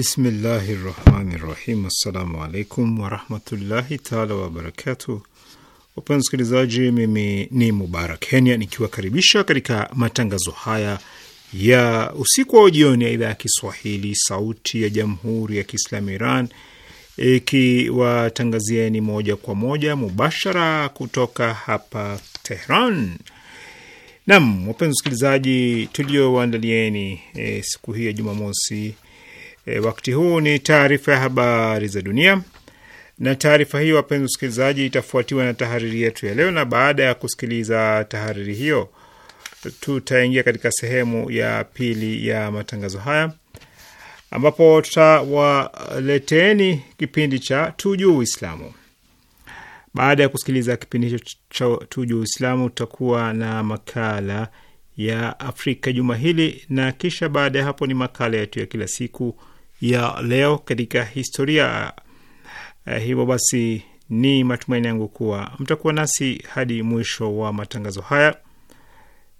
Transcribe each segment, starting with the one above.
Bismillahi rahmani rahim. Assalamu alaikum warahmatullahi taala wabarakatu Wapenzi msikilizaji mimi ni Mubarak Kenya nikiwakaribisha katika matangazo haya ya usiku wa jioni ya idhaa ya Kiswahili sauti ya jamhuri ya Kiislamu Iran ikiwatangazieni moja kwa moja mubashara kutoka hapa Tehran. Nam, wapenzi msikilizaji tuliowaandalieni e, siku hii ya Jumamosi E, wakati huu ni taarifa ya habari za dunia, na taarifa hiyo, wapenzi wasikilizaji, itafuatiwa na tahariri yetu ya leo, na baada ya kusikiliza tahariri hiyo tutaingia katika sehemu ya pili ya matangazo haya ambapo tutawaleteni kipindi cha tujuu Uislamu. Baada ya kusikiliza kipindi hicho cha tujuu Uislamu, tutakuwa na makala ya Afrika juma hili, na kisha baada ya hapo ni makala yetu ya kila siku ya leo katika historia. Eh, hivyo basi ni matumaini yangu kuwa mtakuwa nasi hadi mwisho wa matangazo haya,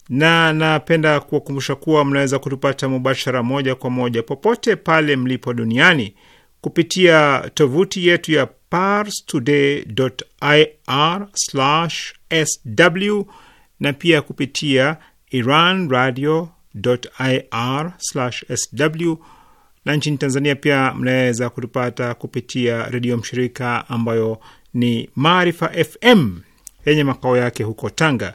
na napenda kuwakumbusha kuwa mnaweza kutupata mubashara moja kwa moja popote pale mlipo duniani kupitia tovuti yetu ya parstoday.ir/sw na pia kupitia iranradio.ir/sw na nchini Tanzania pia mnaweza kutupata kupitia redio mshirika ambayo ni Maarifa FM yenye makao yake huko Tanga.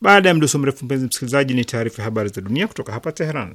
Baada ya mduso mrefu, mpenzi msikilizaji, ni taarifa ya habari za dunia kutoka hapa Teheran.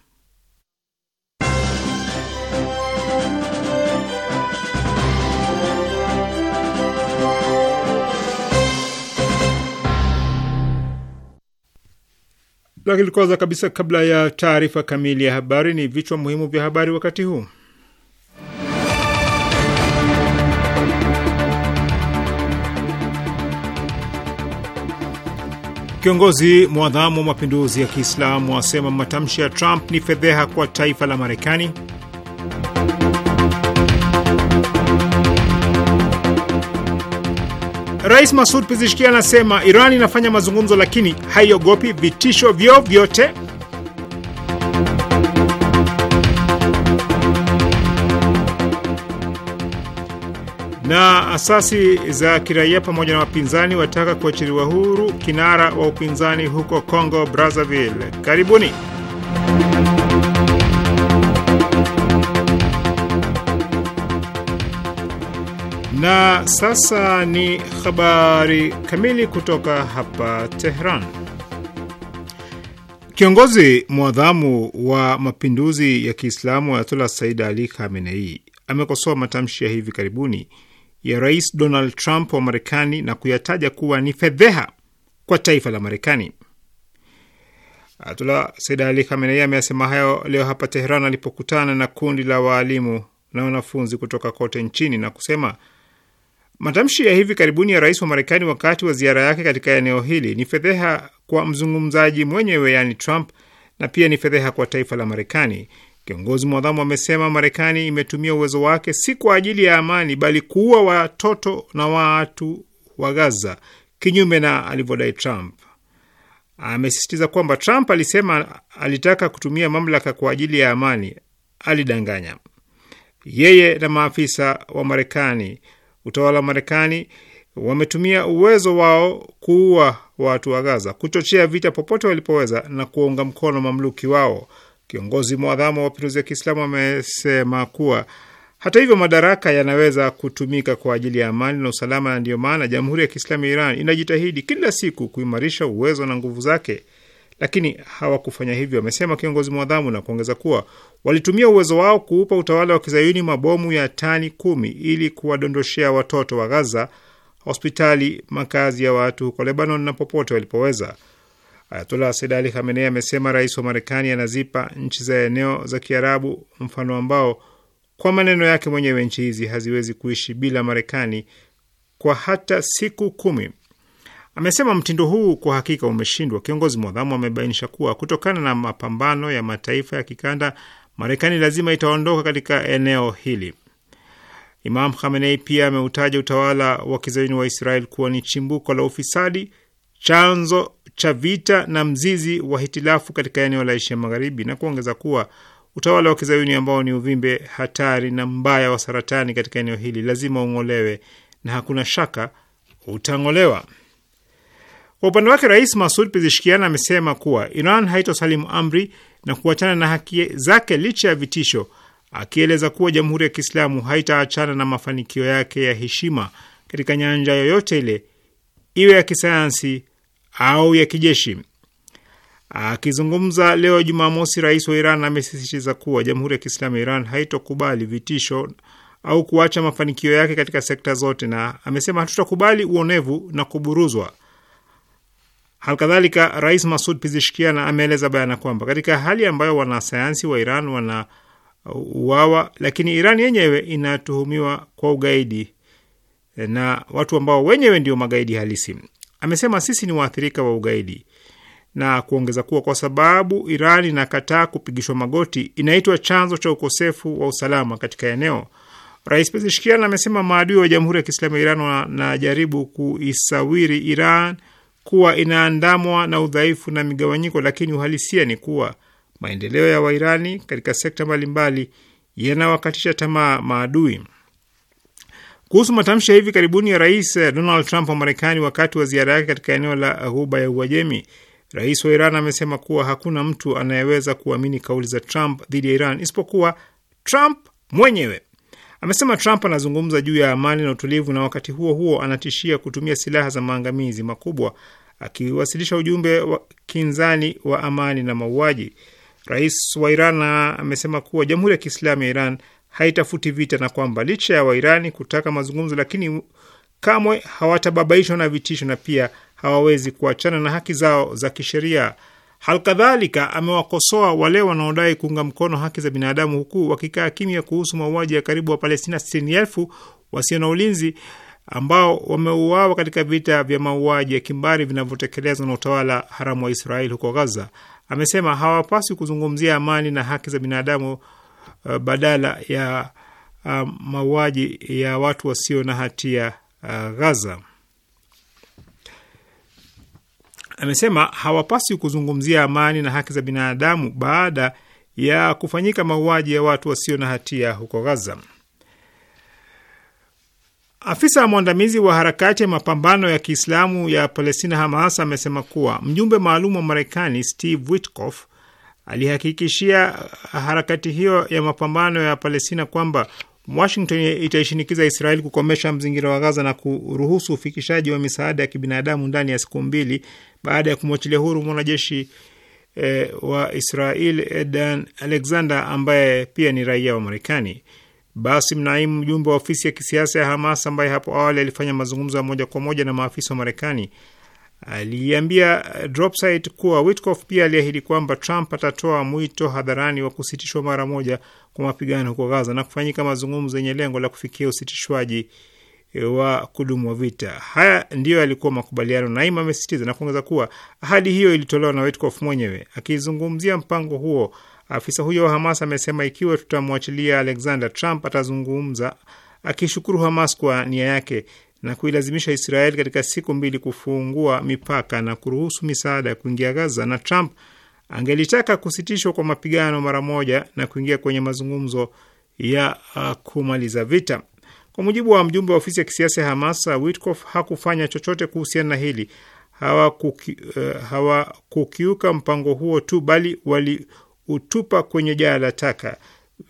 Lakini kwanza kabisa, kabla ya taarifa kamili ya habari, ni vichwa muhimu vya habari wakati huu. Kiongozi mwadhamu wa mapinduzi ya Kiislamu asema matamshi ya Trump ni fedheha kwa taifa la Marekani. Rais Masud Pizishkia anasema Iran inafanya mazungumzo lakini haiogopi vitisho vyovyote. Na asasi za kiraia pamoja na wapinzani wataka kuachiliwa huru kinara wa upinzani huko Congo Brazzaville. Karibuni. Na sasa ni habari kamili kutoka hapa Tehran. Kiongozi mwadhamu wa mapinduzi ya Kiislamu Ayatollah Said Ali Khamenei amekosoa matamshi ya hivi karibuni ya Rais Donald Trump wa Marekani na kuyataja kuwa ni fedheha kwa taifa la Marekani. Ayatollah Said Ali Khamenei ameyasema hayo leo hapa Tehran alipokutana na kundi la waalimu na wanafunzi kutoka kote nchini na kusema Matamshi ya hivi karibuni ya rais wa Marekani wakati wa ziara yake katika eneo hili ni fedheha kwa mzungumzaji mwenyewe, yani Trump, na pia ni fedheha kwa taifa la Marekani. Kiongozi mwadhamu amesema Marekani imetumia uwezo wake si kwa ajili ya amani, bali kuua watoto na watu wa Gaza, kinyume na alivyodai Trump. Amesisitiza kwamba Trump alisema alitaka kutumia mamlaka kwa ajili ya amani. Alidanganya. Yeye na maafisa wa Marekani utawala wa Marekani wametumia uwezo wao kuua watu wa Gaza, kuchochea vita popote walipoweza na kuwaunga mkono mamluki wao. Kiongozi mwadhamu wa mapinduzi ya Kiislamu amesema kuwa hata hivyo, madaraka yanaweza kutumika kwa ajili ya amani na usalama, na ndiyo maana Jamhuri ya Kiislamu ya Iran inajitahidi kila siku kuimarisha uwezo na nguvu zake lakini hawakufanya hivyo, amesema kiongozi mwadhamu na kuongeza kuwa walitumia uwezo wao kuupa utawala wa kizayuni mabomu ya tani kumi ili kuwadondoshea watoto wa Gaza, hospitali, makazi ya watu huko Lebanon na popote walipoweza. Ayatollah Said Ali Khamenei amesema rais wa Marekani anazipa nchi za eneo za Kiarabu mfano ambao kwa maneno yake mwenyewe nchi hizi haziwezi kuishi bila Marekani kwa hata siku kumi. Amesema mtindo huu kwa hakika umeshindwa. Kiongozi mwadhamu amebainisha kuwa kutokana na mapambano ya mataifa ya kikanda, Marekani lazima itaondoka katika eneo hili. Imam Khamenei pia ameutaja utawala wa kizayuni wa Israel kuwa ni chimbuko la ufisadi, chanzo cha vita na mzizi wa hitilafu katika eneo la Asia Magharibi, na kuongeza kuwa utawala wa kizayuni ambao ni uvimbe hatari na mbaya wa saratani katika eneo hili lazima ung'olewe, na hakuna shaka utang'olewa. Kwa upande wake, Rais Masud pizishkian amesema kuwa Iran haitosalimu amri na kuachana na haki zake licha ya vitisho, akieleza kuwa Jamhuri ya Kiislamu haitaachana na mafanikio yake ya heshima katika nyanja yoyote ile, iwe ya kisayansi au ya kijeshi. Akizungumza leo Jumamosi, rais wa Iran amesisitiza kuwa Jamhuri ya Kiislamu ya Iran haitokubali vitisho au kuacha mafanikio yake katika sekta zote, na amesema hatutakubali uonevu na kuburuzwa halkadhalika Rais Masud Pizishkian ameeleza bayana kwamba katika hali ambayo wanasayansi wa Iran wanauawa, lakini Iran yenyewe inatuhumiwa kwa ugaidi eh, na watu ambao wenyewe ndio magaidi halisi. Amesema sisi ni waathirika wa ugaidi na kuongeza kuwa kwa sababu Iran inakataa kupigishwa magoti, inaitwa chanzo cha ukosefu wa usalama katika eneo. Rais Pezeshkian amesema maadui wa Jamhuri ya Kiislamu ya Iran wanajaribu kuisawiri Iran kuwa inaandamwa na udhaifu na migawanyiko, lakini uhalisia ni kuwa maendeleo ya Wairani katika sekta mbalimbali yanawakatisha tamaa maadui. Kuhusu matamshi ya hivi karibuni ya Rais Donald Trump wa Marekani wakati wa ziara yake katika eneo la Ghuba ya Uajemi, rais wa Iran amesema kuwa hakuna mtu anayeweza kuamini kauli za Trump dhidi ya Iran isipokuwa Trump mwenyewe. Amesema Trump anazungumza juu ya amani na utulivu, na wakati huo huo anatishia kutumia silaha za maangamizi makubwa akiwasilisha ujumbe wa kinzani wa amani na mauaji. Rais wa Iran amesema kuwa Jamhuri ya Kiislamu ya Iran haitafuti vita na kwamba licha ya Wairani kutaka mazungumzo, lakini kamwe hawatababaishwa na vitisho na pia hawawezi kuachana na haki zao za kisheria. Halkadhalika amewakosoa wale wanaodai kuunga mkono haki za binadamu huku wakikaa kimya kuhusu mauaji ya karibu wa palestina sitini wasio na ulinzi ambao wameuawa katika vita vya mauaji ya kimbari vinavyotekelezwa na utawala haramu wa Israeli huko Gaza. Amesema hawapaswi kuzungumzia amani na haki za binadamu uh, badala ya uh, mauaji ya watu wasio na hatia uh, Gaza. Amesema hawapaswi kuzungumzia amani na haki za binadamu baada ya kufanyika mauaji ya watu wasio na hatia huko Gaza. Afisa mwandamizi wa harakati ya mapambano ya Kiislamu ya Palestina Hamas amesema kuwa mjumbe maalum wa Marekani Steve Witkoff alihakikishia harakati hiyo ya mapambano ya Palestina kwamba Washington itaishinikiza Israeli kukomesha mzingira wa Gaza na kuruhusu ufikishaji wa misaada ya kibinadamu ndani ya siku mbili baada ya kumwachilia huru mwanajeshi eh, wa Israel Edan Alexander ambaye pia ni raia wa Marekani. Basim Naim, mjumbe wa ofisi ya kisiasa ya Hamas ambaye hapo awali alifanya mazungumzo ya moja kwa moja na maafisa wa Marekani, aliambia Dropsite kuwa Witkoff pia aliahidi kwamba Trump atatoa mwito hadharani wa kusitishwa mara moja kwa mapigano huko Gaza na kufanyika mazungumzo yenye lengo la kufikia usitishwaji wa kudumu wa vita. Haya ndiyo yalikuwa makubaliano, Naim amesisitiza na kuongeza kuwa ahadi hiyo ilitolewa na Witkoff mwenyewe. Akizungumzia mpango huo Afisa huyo wa Hamas amesema ikiwa tutamwachilia Alexander Trump atazungumza akishukuru Hamas kwa nia yake na kuilazimisha Israeli katika siku mbili kufungua mipaka na kuruhusu misaada ya kuingia Gaza, na Trump angelitaka kusitishwa kwa mapigano mara moja na kuingia kwenye mazungumzo ya uh, kumaliza vita. Kwa mujibu wa mjumbe wa ofisi ya kisiasa ya Hamas, Witkoff hakufanya chochote kuhusiana na hili. Uh, hawakukiuka uh, hawa mpango huo tu, bali wali kutupa kwenye jaa la taka.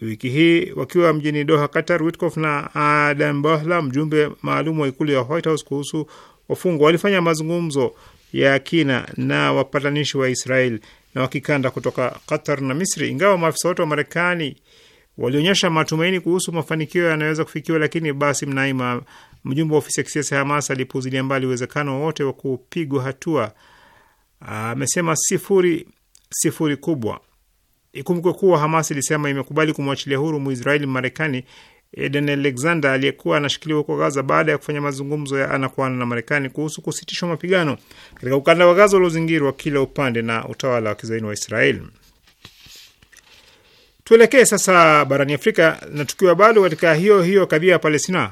Wiki hii wakiwa mjini Doha, Qatar, Witkoff na Adam Bohla, mjumbe maalum wa ikulu ya White House kuhusu wafungwa, walifanya mazungumzo ya kina na wapatanishi wa Israel na wakikanda kutoka Qatar na Misri. Ingawa maafisa wote wa Marekani walionyesha matumaini kuhusu mafanikio yanayoweza kufikiwa, lakini basi mnaima mjumbe wa ofisi ya kisiasa Hamas, alipuzilia mbali uwezekano wote wa kupigwa hatua. Amesema sifuri sifuri kubwa Ikumbukwe kuwa Hamas ilisema imekubali kumwachilia huru Muisraeli Marekani Eden Alexander aliyekuwa anashikiliwa huko Gaza baada ya kufanya mazungumzo ya ana kwa ana na Marekani kuhusu kusitishwa mapigano katika ukanda wa Gaza uliozingirwa kila upande na utawala wa kizaini wa Israeli. Tuelekee sasa barani Afrika na tukiwa bado katika hiyo hiyo kadhia ya Palestina,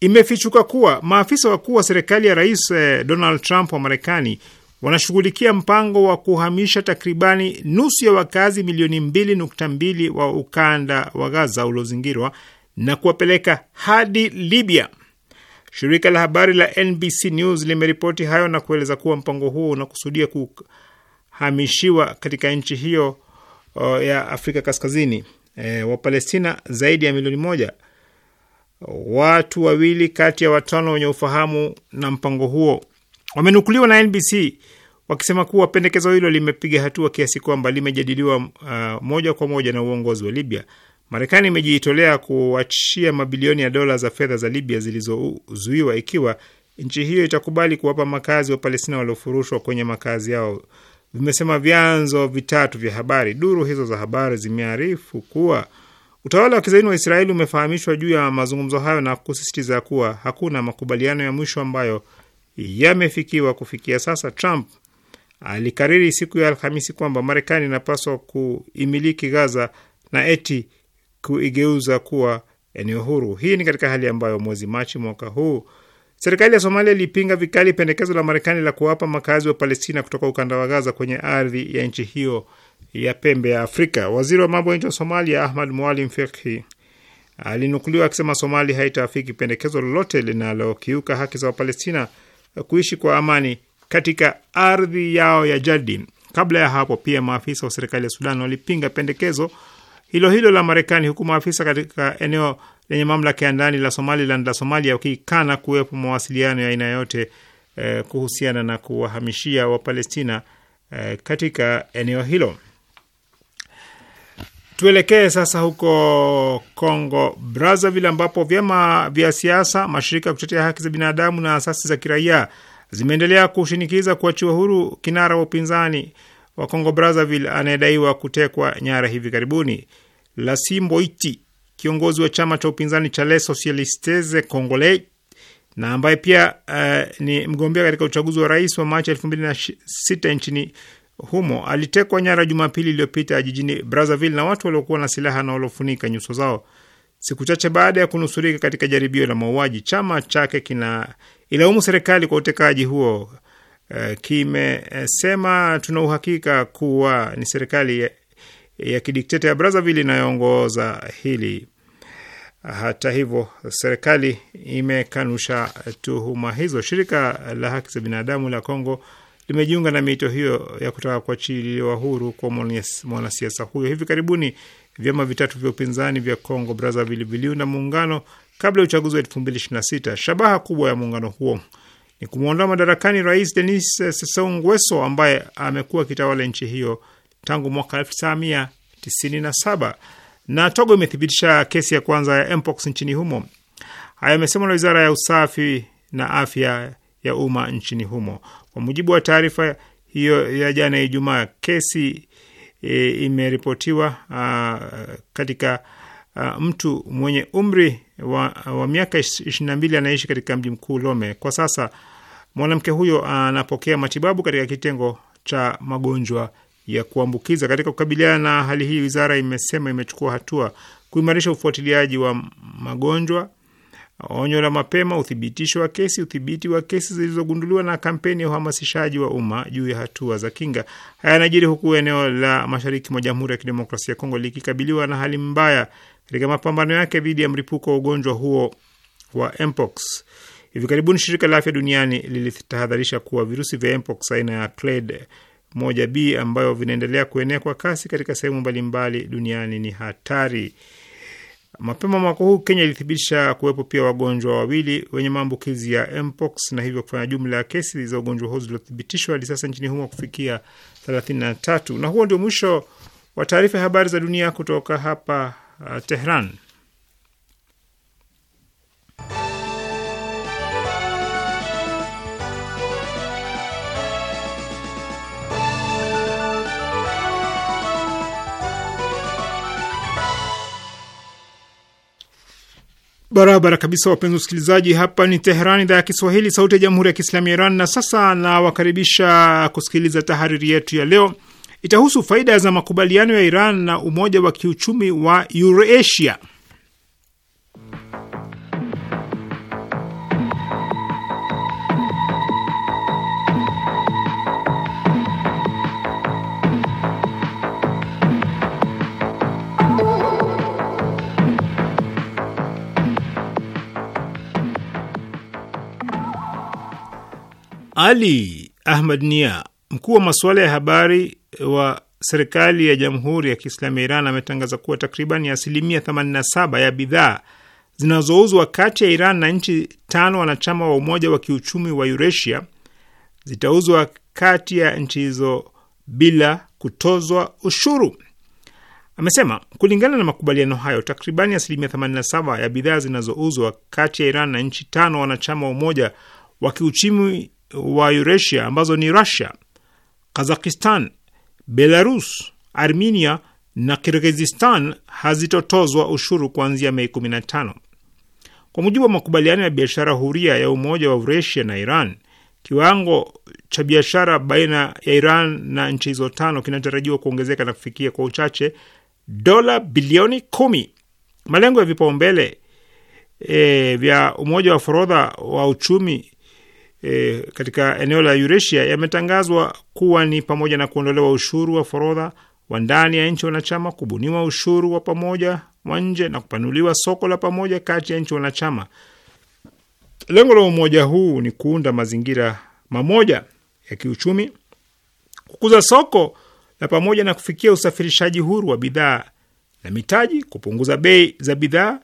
imefichuka kuwa maafisa wakuu wa serikali ya Rais eh, Donald Trump wa Marekani wanashughulikia mpango wa kuhamisha takribani nusu ya wakazi milioni mbili nukta mbili wa ukanda wa Gaza uliozingirwa na kuwapeleka hadi Libya. Shirika la habari la NBC News limeripoti hayo na kueleza kuwa mpango huo unakusudia kuhamishiwa katika nchi hiyo uh, ya Afrika Kaskazini e, Wapalestina zaidi ya milioni moja. Watu wawili kati ya watano wenye ufahamu na mpango huo wamenukuliwa na NBC wakisema kuwa pendekezo hilo limepiga hatua kiasi kwamba limejadiliwa uh, moja kwa moja na uongozi wa Libya. Marekani imejitolea kuachia mabilioni ya dola za fedha za Libya zilizozuiwa ikiwa nchi hiyo itakubali kuwapa makazi wa Palestina waliofurushwa kwenye makazi yao, vimesema vyanzo vitatu vya habari. Duru hizo za habari zimearifu kuwa utawala wa kizaini wa Israeli umefahamishwa juu ya mazungumzo hayo na kusisitiza kuwa hakuna makubaliano ya mwisho ambayo yamefikiwa kufikia sasa. Trump alikariri siku ya Alhamisi kwamba Marekani inapaswa kuimiliki Gaza na eti kuigeuza kuwa eneo huru. Hii ni katika hali ambayo mwezi Machi mwaka huu serikali ya Somalia ilipinga vikali pendekezo la Marekani la kuwapa makazi wa Palestina kutoka ukanda wa Gaza kwenye ardhi ya nchi hiyo ya pembe ya Afrika. Waziri wa mambo ya nje wa Somalia Ahmad Mualim Fekhi alinukuliwa akisema Somalia haitaafiki pendekezo lolote linalokiuka haki za Wapalestina kuishi kwa amani katika ardhi yao ya jadi. Kabla ya hapo pia maafisa wa serikali ya Sudan walipinga pendekezo hilo hilo la Marekani, huku maafisa katika eneo lenye mamlaka ya ndani la Somaliland la Somalia wakikana kuwepo mawasiliano ya aina yote eh, kuhusiana na kuwahamishia Wapalestina eh, katika eneo hilo. Tuelekee sasa huko congo Brazzaville, ambapo vyama vya siasa, mashirika ya kutetea haki za binadamu na asasi za kiraia zimeendelea kushinikiza kuachiwa huru kinara wa upinzani wa congo Brazzaville anayedaiwa kutekwa nyara hivi karibuni, lasimboiti kiongozi wa chama cha upinzani cha Les Socialistes Congolais na ambaye pia uh, ni mgombea katika uchaguzi wa rais wa Machi 26 nchini humo alitekwa nyara Jumapili iliyopita jijini Brazzaville na watu waliokuwa na silaha na waliofunika nyuso zao siku chache baada ya kunusurika katika jaribio la mauaji. Chama chake kina ilaumu serikali kwa utekaji huo. Uh, kimesema tuna uhakika kuwa ni serikali ya, ya kidikteta ya Brazzaville inayoongoza hili. Hata hivyo serikali imekanusha tuhuma hizo. Shirika la haki za binadamu la Kongo limejiunga na miito hiyo ya kutaka kuachiliwa huru kwa mwanasiasa huyo. Hivi karibuni vyama vitatu vya upinzani vya congo Brazzaville viliunda muungano kabla ya uchaguzi wa 2026. Shabaha kubwa ya muungano huo ni kumwondoa madarakani Rais Denis Sassou Nguesso ambaye amekuwa akitawala nchi hiyo tangu mwaka 1997. Na Togo imethibitisha kesi ya kwanza ya mpox nchini humo. Hayo amesemwa na wizara ya usafi na afya ya umma nchini humo. Kwa mujibu wa taarifa hiyo ya jana Ijumaa, kesi e, imeripotiwa a, katika a, mtu mwenye umri wa, wa miaka 22 anaishi katika mji mkuu Lome. Kwa sasa mwanamke huyo anapokea matibabu katika kitengo cha magonjwa ya kuambukiza. Katika kukabiliana na hali hii, wizara imesema imechukua hatua kuimarisha ufuatiliaji wa magonjwa onyo la mapema, uthibitisho wa kesi, udhibiti wa kesi zilizogunduliwa na kampeni ya uhamasishaji wa umma juu ya hatua za kinga. Haya yanajiri huku eneo la mashariki mwa Jamhuri ya Kidemokrasia ya Kongo likikabiliwa na hali mbaya katika mapambano yake dhidi ya mlipuko wa ugonjwa huo wa mpox. Hivi karibuni shirika la afya duniani lilitahadharisha kuwa virusi vya mpox aina ya clade 1b ambayo vinaendelea kuenea kwa kasi katika sehemu mbalimbali duniani ni hatari. Mapema mwaka huu Kenya ilithibitisha kuwepo pia wagonjwa wawili wenye maambukizi ya mpox na hivyo kufanya jumla ya kesi za ugonjwa huo zilizothibitishwa hadi sasa nchini humo kufikia 33. Na huo ndio mwisho wa taarifa ya habari za dunia kutoka hapa uh, Tehran. Barabara kabisa, wapenzi wasikilizaji, hapa ni teheran idhaa ya Kiswahili, sauti ya jamhuri ya kiislamu ya Iran. Na sasa nawakaribisha kusikiliza tahariri yetu ya leo. Itahusu faida za makubaliano ya Iran na umoja wa kiuchumi wa Eurasia. Ali Ahmad Nia, mkuu wa masuala ya habari wa serikali ya Jamhuri ya Kiislamu ya Iran, ametangaza kuwa takriban asilimia 87 ya bidhaa zinazouzwa kati ya Iran na nchi tano wanachama wa Umoja wa Kiuchumi wa Eurasia zitauzwa kati ya nchi hizo bila kutozwa ushuru. Amesema kulingana na makubaliano hayo, takribani asilimia 87 ya bidhaa zinazouzwa kati ya Iran na nchi tano wanachama wa Umoja wa Kiuchumi wa Eurasia ambazo ni Russia, Kazakistan, Belarus, Armenia na Kirgizistan hazitotozwa ushuru kuanzia Mei 15. Kwa mujibu wa makubaliano ya biashara huria ya Umoja wa Eurasia na Iran, kiwango cha biashara baina ya Iran na nchi hizo tano kinatarajiwa kuongezeka na kufikia kwa uchache dola bilioni kumi. Malengo ya vipaumbele e, vya Umoja wa Forodha wa Uchumi e, katika eneo la Eurasia yametangazwa kuwa ni pamoja na kuondolewa ushuru wa forodha wa ndani ya nchi wanachama, kubuniwa ushuru wa pamoja wa nje na kupanuliwa soko la pamoja kati ya nchi wanachama. Lengo la umoja huu ni kuunda mazingira mamoja ya kiuchumi, kukuza soko la pamoja na kufikia usafirishaji huru wa bidhaa na mitaji, kupunguza bei za bidhaa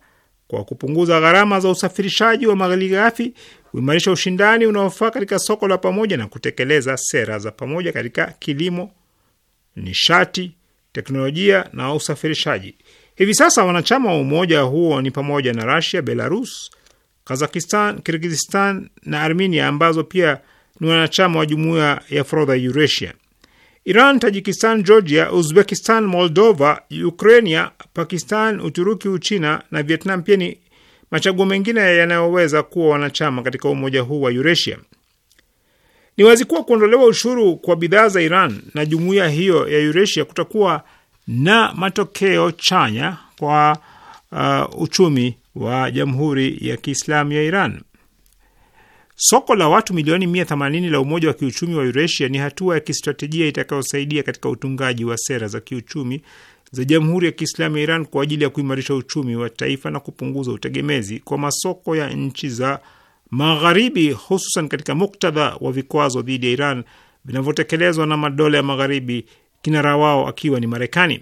kwa kupunguza gharama za usafirishaji wa malighafi kuimarisha ushindani unaofaa katika soko la pamoja na kutekeleza sera za pamoja katika kilimo, nishati, teknolojia na usafirishaji. Hivi sasa wanachama wa umoja huo ni pamoja na rasia Belarus, Kazakistan, Kirgizistan na Armenia ambazo pia ni wanachama wa jumuiya ya forodha ya Eurasia. Iran, Tajikistan, Georgia, Uzbekistan, Moldova, ukrania Pakistan, Uturuki, Uchina na Vietnam pia ni machaguo mengine yanayoweza kuwa wanachama katika umoja huu wa Eurasia. Ni wazi kuwa kuondolewa ushuru kwa bidhaa za Iran na jumuiya hiyo ya Eurasia kutakuwa na matokeo chanya kwa uh, uchumi wa Jamhuri ya Kiislamu ya Iran. Soko la watu milioni 180 la Umoja wa Kiuchumi wa Eurasia ni hatua ya kistratejia itakayosaidia katika utungaji wa sera za kiuchumi za Jamhuri ya Kiislamu ya Iran kwa ajili ya kuimarisha uchumi wa taifa na kupunguza utegemezi kwa masoko ya nchi za Magharibi, hususan katika muktadha wa vikwazo dhidi ya Iran vinavyotekelezwa na madola ya Magharibi, kinara wao akiwa ni Marekani.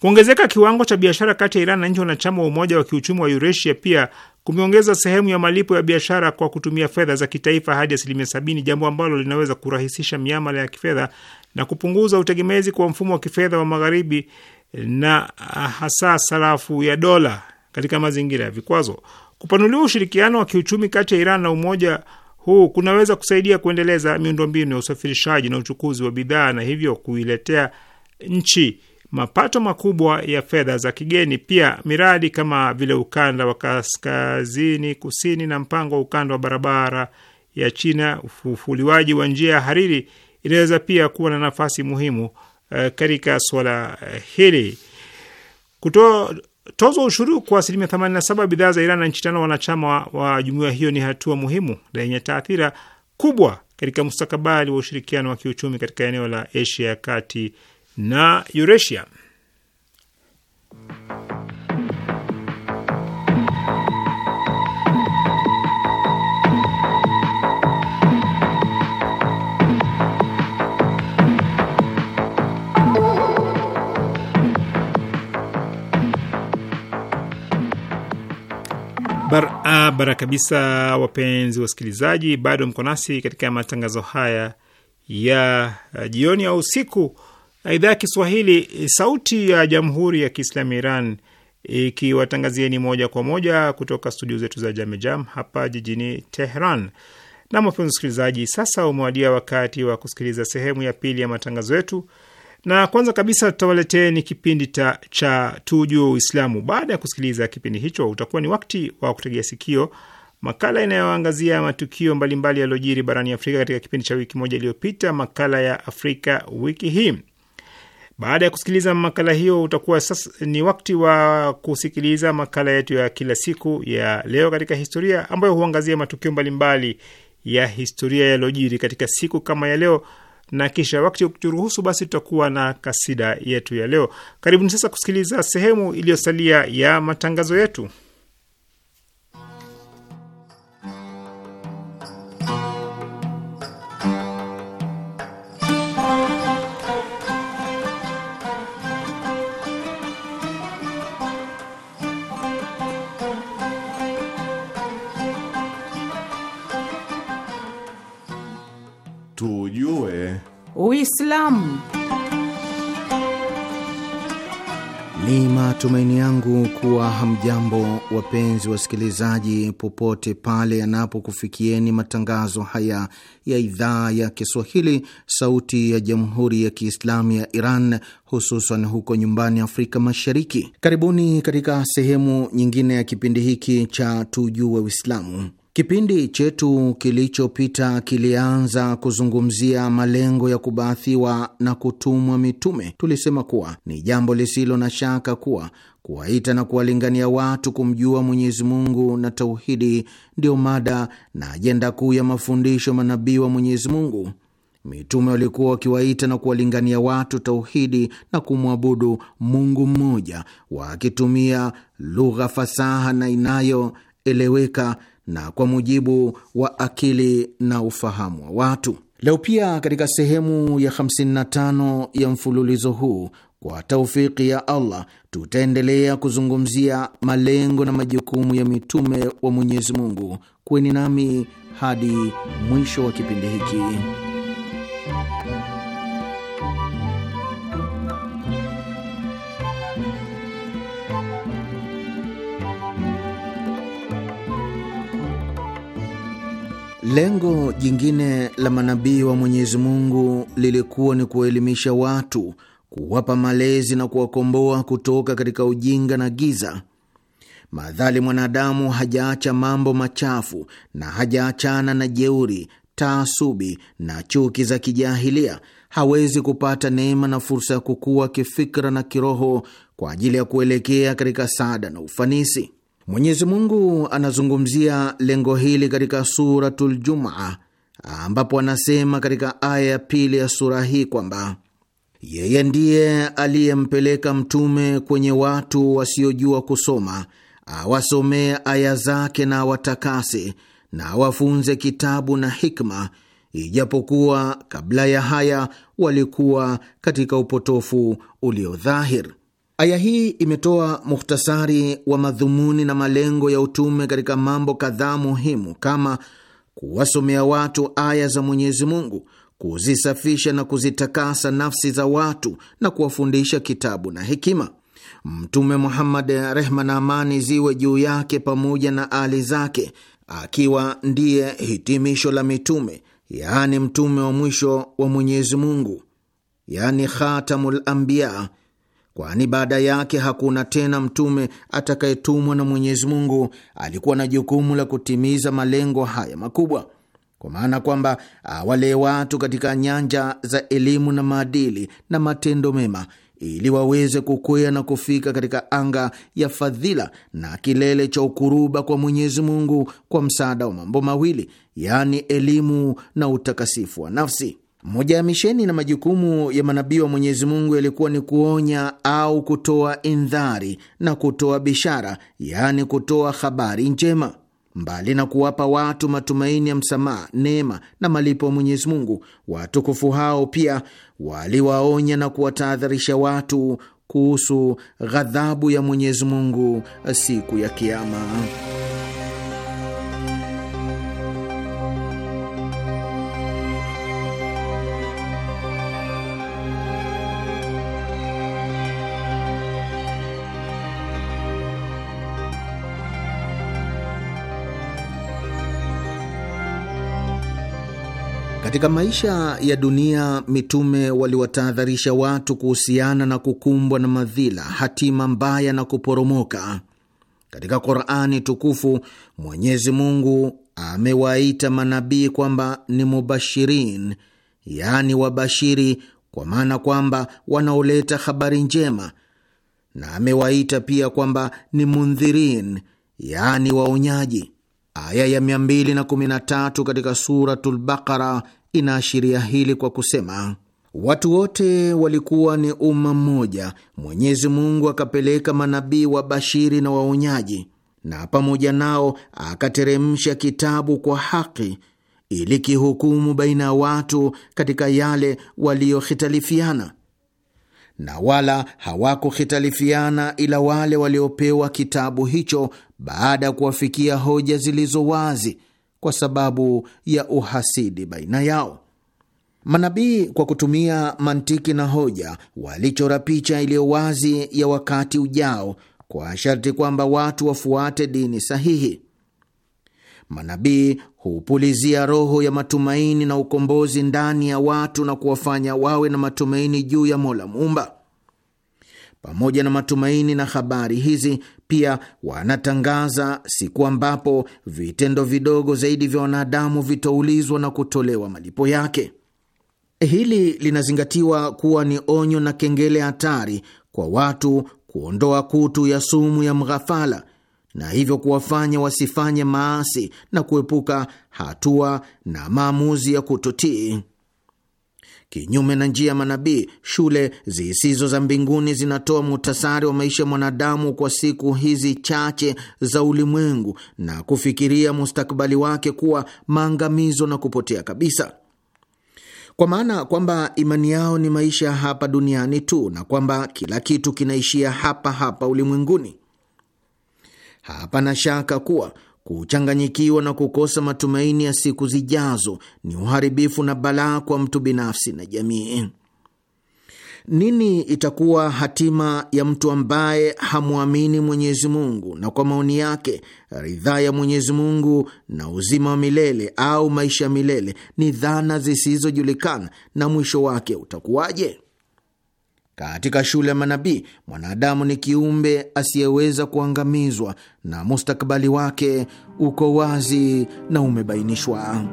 Kuongezeka kiwango cha biashara kati ya Iran na nchi wanachama wa Umoja wa Kiuchumi wa Eurasia pia kumeongeza sehemu ya malipo ya biashara kwa kutumia fedha za kitaifa hadi asilimia sabini, jambo ambalo linaweza kurahisisha miamala ya kifedha na kupunguza utegemezi kwa mfumo wa kifedha wa magharibi na ah, hasa sarafu ya dola katika mazingira ya vikwazo. Kupanuliwa ushirikiano wa kiuchumi kati ya Iran na umoja huu kunaweza kusaidia kuendeleza miundombinu ya usafirishaji na uchukuzi wa bidhaa na hivyo kuiletea nchi mapato makubwa ya fedha za kigeni. Pia miradi kama vile ukanda wa kaskazini kusini na mpango wa ukanda wa barabara ya China, ufufuliwaji wa njia ya Hariri inaweza pia kuwa na nafasi muhimu uh, katika suala eh, hili. tozo ushuru kwa asilimia 87 bidhaa za Iran na nchi tano wanachama wa jumuiya hiyo ni hatua muhimu na yenye taathira kubwa katika mustakabali wa ushirikiano wa kiuchumi katika eneo la Asia ya kati na Eurasia. barabara kabisa, wapenzi wasikilizaji, bado mko nasi katika matangazo haya ya uh, jioni au usiku na uh, idhaa ya Kiswahili, uh, Sauti ya Jamhuri ya Kiislamu Iran ikiwatangazieni moja kwa moja kutoka studio zetu za Jamejam hapa jijini Tehran. Na wapenzi wasikilizaji, sasa umewadia wakati wa kusikiliza sehemu ya pili ya matangazo yetu na kwanza kabisa tutawaleteni kipindi ta, cha tujue Uislamu. Baada ya kusikiliza kipindi hicho, utakuwa ni wakati wa kutegea sikio makala inayoangazia matukio mbalimbali yaliyojiri barani Afrika katika kipindi cha wiki moja iliyopita, makala ya Afrika wiki hii. Baada ya kusikiliza makala hiyo, utakuwa sasa ni wakati wa kusikiliza makala yetu ya kila siku ya leo katika historia, ambayo huangazia matukio mbalimbali ya historia yaliyojiri katika siku kama ya leo na kisha wakati ukituruhusu, basi tutakuwa na kasida yetu ya leo. Karibuni sasa kusikiliza sehemu iliyosalia ya matangazo yetu. tujue Uislamu ni matumaini yangu kuwa hamjambo, wapenzi wasikilizaji, popote pale yanapokufikieni matangazo haya ya idhaa ya Kiswahili, Sauti ya Jamhuri ya Kiislamu ya Iran, hususan huko nyumbani Afrika Mashariki. Karibuni katika sehemu nyingine ya kipindi hiki cha Tujue Uislamu. Kipindi chetu kilichopita kilianza kuzungumzia malengo ya kubaathiwa na kutumwa mitume. Tulisema kuwa ni jambo lisilo na shaka kuwa kuwaita na kuwalingania watu kumjua Mwenyezi Mungu na tauhidi ndiyo mada na ajenda kuu ya mafundisho manabii wa Mwenyezi Mungu. Mitume walikuwa wakiwaita na kuwalingania watu tauhidi na kumwabudu Mungu mmoja, wakitumia lugha fasaha na inayoeleweka na kwa mujibu wa akili na ufahamu wa watu. Leo pia katika sehemu ya 55 ya mfululizo huu kwa taufiki ya Allah tutaendelea kuzungumzia malengo na majukumu ya mitume wa Mwenyezi Mungu. nami hadi mwisho wa kipindi hiki. Lengo jingine la manabii wa Mwenyezi Mungu lilikuwa ni kuwaelimisha watu, kuwapa malezi na kuwakomboa kutoka katika ujinga na giza. Madhali mwanadamu hajaacha mambo machafu na hajaachana na jeuri, taasubi na chuki za kijahilia, hawezi kupata neema na fursa ya kukua kifikra na kiroho kwa ajili ya kuelekea katika saada na ufanisi. Mwenyezi Mungu anazungumzia lengo hili katika Suratul Jumaa, ambapo anasema katika aya ya pili ya sura hii kwamba yeye ndiye aliyempeleka mtume kwenye watu wasiojua kusoma awasomee aya zake na watakase na awafunze kitabu na hikma, ijapokuwa kabla ya haya walikuwa katika upotofu uliodhahir. Aya hii imetoa muhtasari wa madhumuni na malengo ya utume katika mambo kadhaa muhimu kama kuwasomea watu aya za Mwenyezi Mungu, kuzisafisha na kuzitakasa nafsi za watu na kuwafundisha kitabu na hekima. Mtume Muhammad, rehma na amani ziwe juu yake pamoja na ali zake, akiwa ndiye hitimisho la mitume, yaani mtume wa mwisho wa Mwenyezi Mungu, yaani khatamul anbiya kwani baada yake hakuna tena mtume atakayetumwa na Mwenyezi Mungu alikuwa na jukumu la kutimiza malengo haya makubwa, kwa maana kwamba awale watu katika nyanja za elimu na maadili na matendo mema ili waweze kukwea na kufika katika anga ya fadhila na kilele cha ukuruba kwa Mwenyezi Mungu kwa msaada wa mambo mawili, yaani elimu na utakasifu wa nafsi. Moja ya misheni na majukumu ya manabii wa Mwenyezi Mungu yalikuwa ni kuonya au kutoa indhari na kutoa bishara, yaani kutoa habari njema. Mbali na kuwapa watu matumaini ya msamaha, neema na malipo ya Mwenyezi Mungu, watukufu hao pia waliwaonya na kuwatahadharisha watu kuhusu ghadhabu ya Mwenyezi Mungu siku ya Kiama. Katika maisha ya dunia mitume waliwatahadharisha watu kuhusiana na kukumbwa na madhila, hatima mbaya na kuporomoka. Katika Qurani tukufu Mwenyezi Mungu amewaita manabii kwamba ni mubashirin, yaani wabashiri, kwa maana kwamba wanaoleta habari njema, na amewaita pia kwamba ni mundhirin, yaani waonyaji. Aya ya 213 katika Suratul Baqara inaashiria hili kwa kusema watu wote walikuwa ni umma mmoja. Mwenyezi Mungu akapeleka manabii wa bashiri na waonyaji, na pamoja nao akateremsha kitabu kwa haki ili kihukumu baina ya watu katika yale waliohitalifiana, na wala hawakuhitalifiana ila wale waliopewa kitabu hicho baada ya kuwafikia hoja zilizo wazi kwa sababu ya uhasidi baina yao. Manabii kwa kutumia mantiki na hoja walichora picha iliyo wazi ya wakati ujao kwa sharti kwamba watu wafuate dini sahihi. Manabii hupulizia roho ya matumaini na ukombozi ndani ya watu na kuwafanya wawe na matumaini juu ya Mola Muumba. Pamoja na matumaini na habari hizi, pia wanatangaza siku ambapo vitendo vidogo zaidi vya wanadamu vitaulizwa na kutolewa malipo yake. Hili linazingatiwa kuwa ni onyo na kengele hatari kwa watu kuondoa kutu ya sumu ya mghafala na hivyo kuwafanya wasifanye maasi na kuepuka hatua na maamuzi ya kutotii. Kinyume na njia ya manabii, shule zisizo za mbinguni zinatoa muhtasari wa maisha ya mwanadamu kwa siku hizi chache za ulimwengu na kufikiria mustakabali wake kuwa maangamizo na kupotea kabisa, kwa maana kwamba imani yao ni maisha hapa duniani tu na kwamba kila kitu kinaishia hapa hapa ulimwenguni. Hapana shaka kuwa Kuchanganyikiwa na kukosa matumaini ya siku zijazo ni uharibifu na balaa kwa mtu binafsi na jamii. Nini itakuwa hatima ya mtu ambaye hamwamini Mwenyezi Mungu na kwa maoni yake ridhaa ya Mwenyezi Mungu na uzima wa milele au maisha ya milele ni dhana zisizojulikana, na mwisho wake utakuwaje? Katika shule ya manabii, mwanadamu ni kiumbe asiyeweza kuangamizwa na mustakabali wake uko wazi na umebainishwa.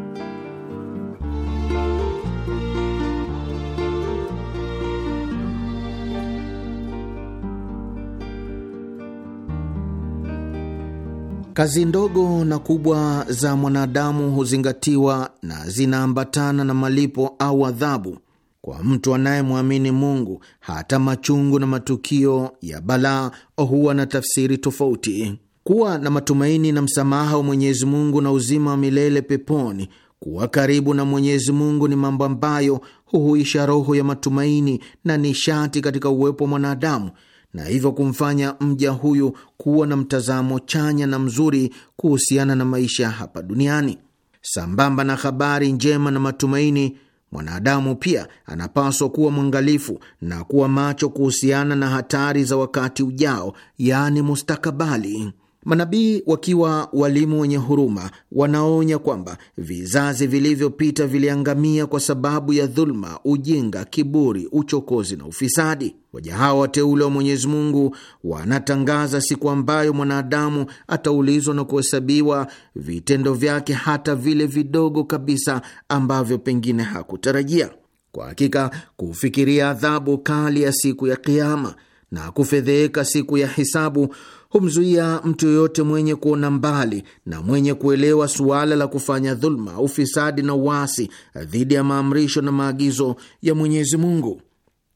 Kazi ndogo na kubwa za mwanadamu huzingatiwa na zinaambatana na malipo au adhabu. Kwa mtu anayemwamini Mungu, hata machungu na matukio ya balaa huwa na tafsiri tofauti. Kuwa na matumaini na msamaha wa Mwenyezi Mungu na uzima wa milele peponi, kuwa karibu na Mwenyezi Mungu ni mambo ambayo huhuisha roho ya matumaini na nishati katika uwepo wa mwanadamu na hivyo kumfanya mja huyu kuwa na mtazamo chanya na mzuri kuhusiana na maisha hapa duniani. Sambamba na habari njema na matumaini Mwanadamu pia anapaswa kuwa mwangalifu na kuwa macho kuhusiana na hatari za wakati ujao, yaani mustakabali. Manabii wakiwa walimu wenye huruma, wanaonya kwamba vizazi vilivyopita viliangamia kwa sababu ya dhuluma, ujinga, kiburi, uchokozi na ufisadi. Waja hawa wateule wa Mwenyezi Mungu wanatangaza siku ambayo mwanadamu ataulizwa na kuhesabiwa vitendo vyake, hata vile vidogo kabisa ambavyo pengine hakutarajia. Kwa hakika kufikiria adhabu kali ya siku ya Kiama na kufedheeka siku ya hisabu humzuia mtu yoyote mwenye kuona mbali na mwenye kuelewa suala la kufanya dhuluma, ufisadi na uasi dhidi ya maamrisho na maagizo ya Mwenyezi Mungu.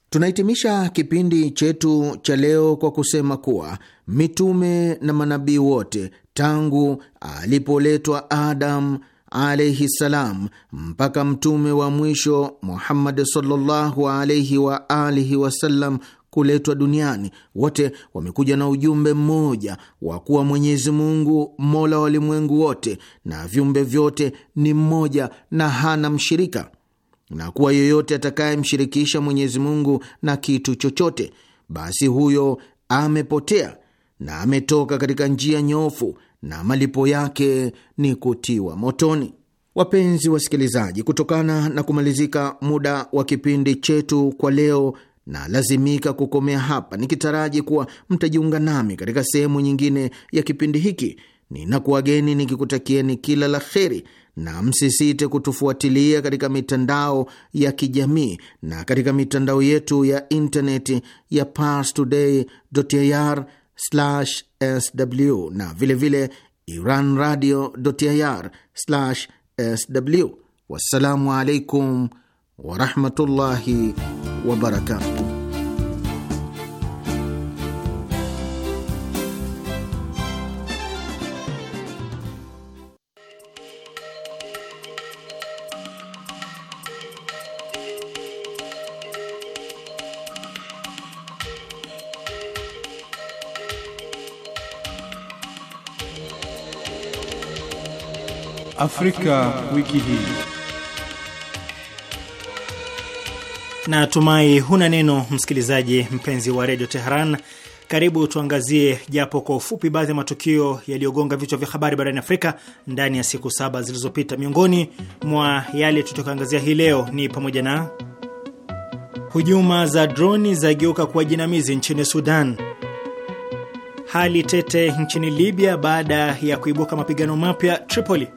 Tunahitimisha kipindi chetu cha leo kwa kusema kuwa mitume na manabii wote tangu alipoletwa Adam alaihi salam mpaka mtume wa mwisho Muhammad sallallahu alaihi wa alihi wasallam kuletwa duniani, wote wamekuja na ujumbe mmoja wa kuwa Mwenyezi Mungu mola wa wote na viumbe vyote ni mmoja na hana mshirika, na kuwa yeyote atakayemshirikisha Mwenyezi Mungu na kitu chochote, basi huyo amepotea na ametoka katika njia nyofu na malipo yake ni kutiwa motoni. Wapenzi wasikilizaji, kutokana na kumalizika muda wa kipindi chetu kwa leo na lazimika kukomea hapa, nikitaraji kuwa mtajiunga nami katika sehemu nyingine ya kipindi hiki. Ninakuwageni nikikutakieni kila la kheri, na msisite kutufuatilia katika mitandao ya kijamii na katika mitandao yetu ya intaneti ya parstoday.ir/sw na vilevile iranradio.ir/sw. Wassalamu alaikum warahmatullahi wa Afrika, Afrika wiki hii. na tumai huna neno, msikilizaji mpenzi wa redio Teheran. Karibu tuangazie japo kwa ufupi baadhi ya matukio yaliyogonga vichwa vya habari barani Afrika ndani ya siku saba zilizopita. Miongoni mwa yale tutakaangazia hii leo ni pamoja na hujuma za droni zageuka kuwa jinamizi nchini Sudan, hali tete nchini Libya baada ya kuibuka mapigano mapya Tripoli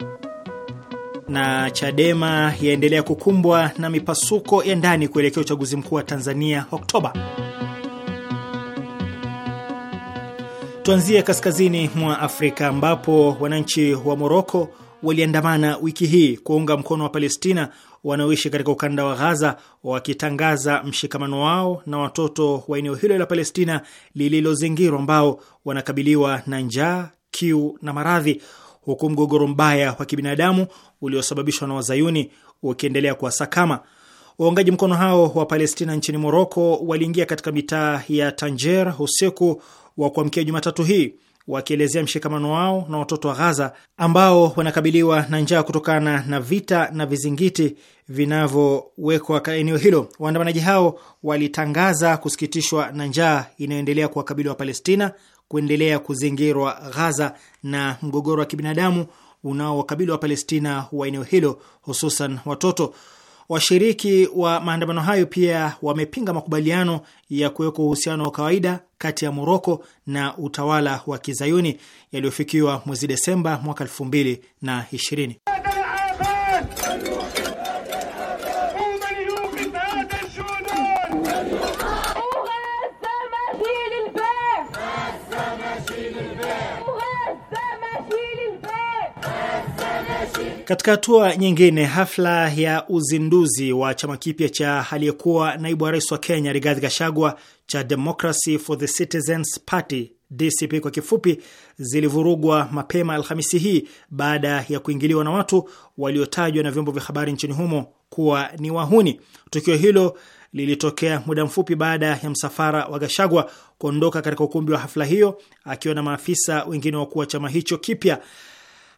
na Chadema yaendelea kukumbwa na mipasuko ya ndani kuelekea uchaguzi mkuu wa Tanzania Oktoba. Tuanzie kaskazini mwa Afrika ambapo wananchi wa Moroko waliandamana wiki hii kuunga mkono wa Palestina wanaoishi katika ukanda wa Ghaza, wakitangaza mshikamano wao na watoto wa eneo hilo la Palestina lililozingirwa, ambao wanakabiliwa na njaa, kiu na maradhi huku mgogoro mbaya wa kibinadamu uliosababishwa na wazayuni ukiendelea kuwasakama. Waungaji mkono hao wa Palestina nchini Moroko waliingia katika mitaa ya Tanger usiku wa kuamkia Jumatatu hii wakielezea mshikamano wao na watoto wa Ghaza ambao wanakabiliwa na njaa kutokana na vita na vizingiti vinavyowekwa eneo hilo. Waandamanaji hao walitangaza kusikitishwa na njaa inayoendelea kuwakabili wa Palestina kuendelea kuzingirwa Ghaza na mgogoro wa kibinadamu unaowakabili wa Palestina wa eneo hilo, hususan watoto. Washiriki wa maandamano hayo pia wamepinga makubaliano ya kuwekwa uhusiano wa kawaida kati ya Moroko na utawala wa kizayuni yaliyofikiwa mwezi Desemba mwaka elfu mbili na ishirini. Katika hatua nyingine, hafla ya uzinduzi wa chama kipya cha aliyekuwa naibu wa rais wa Kenya Rigathi Gachagua cha Democracy for the Citizens Party DCP kwa kifupi, zilivurugwa mapema Alhamisi hii baada ya kuingiliwa na watu waliotajwa na vyombo vya habari nchini humo kuwa ni wahuni. Tukio hilo lilitokea muda mfupi baada ya msafara wa gashagwa kuondoka katika ukumbi wa hafla hiyo akiwa na maafisa wengine wakuu wa chama hicho kipya.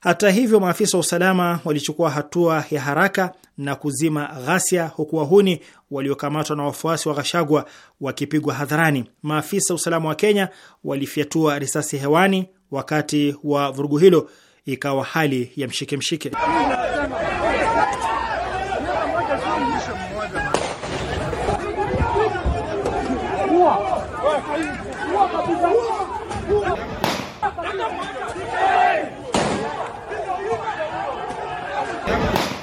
Hata hivyo, maafisa wa usalama walichukua hatua ya haraka na kuzima ghasia, huku wahuni waliokamatwa na wafuasi wa Ghashagwa wakipigwa hadharani. Maafisa wa usalama wa Kenya walifyatua risasi hewani wakati wa vurugu hilo, ikawa hali ya mshike mshike.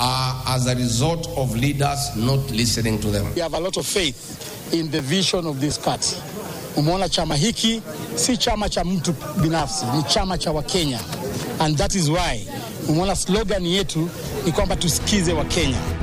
are as a result of leaders not listening to them. We have a lot of faith in the vision of this party. Umeona chama hiki si chama cha mtu binafsi, ni chama cha Wakenya, and that is why umeona slogan yetu ni kwamba tusikize Wakenya.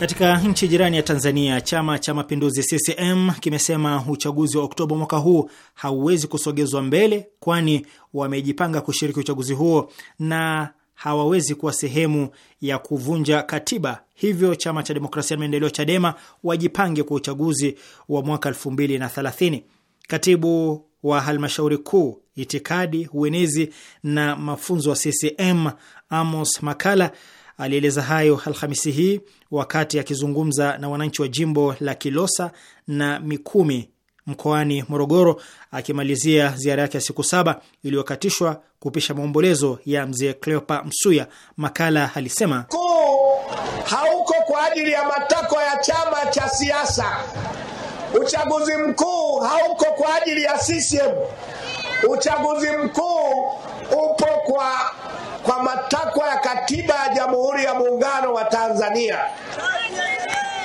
Katika nchi jirani ya Tanzania, Chama cha Mapinduzi CCM kimesema uchaguzi wa Oktoba mwaka huu hauwezi kusogezwa mbele, kwani wamejipanga kushiriki uchaguzi huo na hawawezi kuwa sehemu ya kuvunja katiba. Hivyo chama cha demokrasia na maendeleo CHADEMA wajipange kwa uchaguzi wa mwaka elfu mbili na thelathini. Katibu wa halmashauri kuu itikadi, uenezi na mafunzo wa CCM Amos Makala Alieleza hayo Alhamisi hii wakati akizungumza na wananchi wa jimbo la Kilosa na Mikumi mkoani Morogoro, akimalizia ziara yake ya siku saba iliyokatishwa kupisha maombolezo ya mzee Cleopa Msuya. Makala alisema kuu hauko kwa ajili ya matakwa ya chama cha siasa. Uchaguzi mkuu hauko kwa ajili ya CCM. Uchaguzi mkuu upo kwa kwa matakwa ya katiba ya Jamhuri ya Muungano wa Tanzania.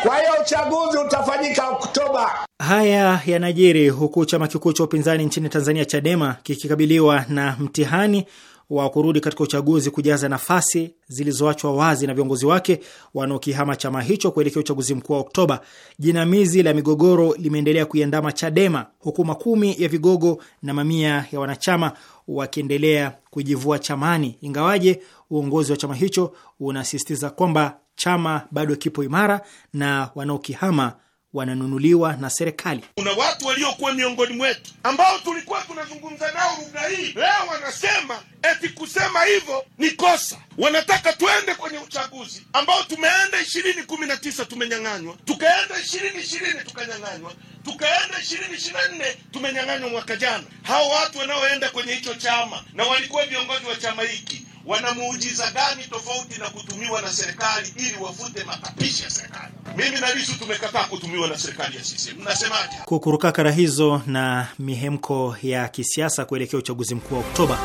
Kwa hiyo uchaguzi utafanyika Oktoba. Haya yanajiri huku chama kikuu cha upinzani nchini Tanzania, Chadema, kikikabiliwa na mtihani wa kurudi katika uchaguzi kujaza nafasi zilizoachwa wazi na viongozi wake wanaokihama chama hicho kuelekea uchaguzi mkuu wa Oktoba. Jinamizi la migogoro limeendelea kuiandama Chadema huku makumi ya vigogo na mamia ya wanachama wakiendelea kujivua chamani, ingawaje uongozi wa chama hicho unasisitiza kwamba chama bado kipo imara na wanaokihama wananunuliwa na serikali. Kuna watu waliokuwa miongoni mwetu ambao tulikuwa tunazungumza nao lugha hii, leo wanasema eti kusema hivyo ni kosa. Wanataka tuende kwenye uchaguzi ambao tumeenda ishirini kumi na tisa tumenyang'anywa, tukaenda ishirini ishirini tukanyang'anywa, tukaenda ishirini ishirini na nne tumenyang'anywa mwaka jana. Hao watu wanaoenda kwenye hicho chama na walikuwa viongozi wa chama hiki wana muujiza gani tofauti na kutumiwa na serikali ili wafute matapishi ya serikali? Mimi na Lisu tumekataa kutumiwa na serikali ya CCM. Mnasemaje? Kukurukakara hizo na mihemko ya kisiasa kuelekea uchaguzi mkuu wa Oktoba.